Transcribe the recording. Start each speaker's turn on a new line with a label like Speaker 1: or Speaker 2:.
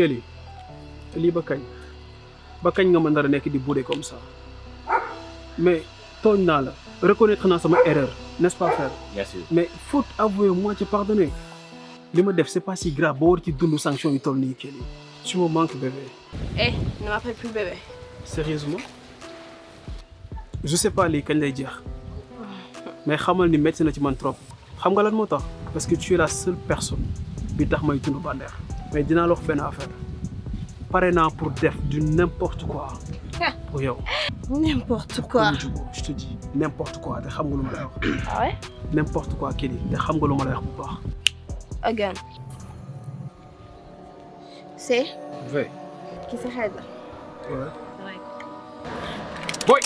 Speaker 1: fekkee lii lii ba kañ ba kañ nga ma nar a di boudé comme ça mais ton nala, la reconnaître naa sama erreur n'est-ce pas frère. bien sûr mais faut avouer moi ci pardonner li ma def c'est pas si grave ba ci dund sanction yu tolni nii tu me manques bébé. eh ne m'appelle plus bébé. sérieusement je sais pas les kañ lay jeex mais xamal ni métti na ci man trop xam nga lan moo tax parce que tu es la seule personne bi tax may dund bànneex mais dina la wax affaire pare pour def du n'importe quoi pour yo. n'importe quoi je te dis n'importe quoi te xam nga lu ma lay wax. ah ouais. n'importe quoi Kelly. te xam nga luma ma lay wax bu baax. again. c'est. oui. ki sa xarit la.
Speaker 2: oui. boy.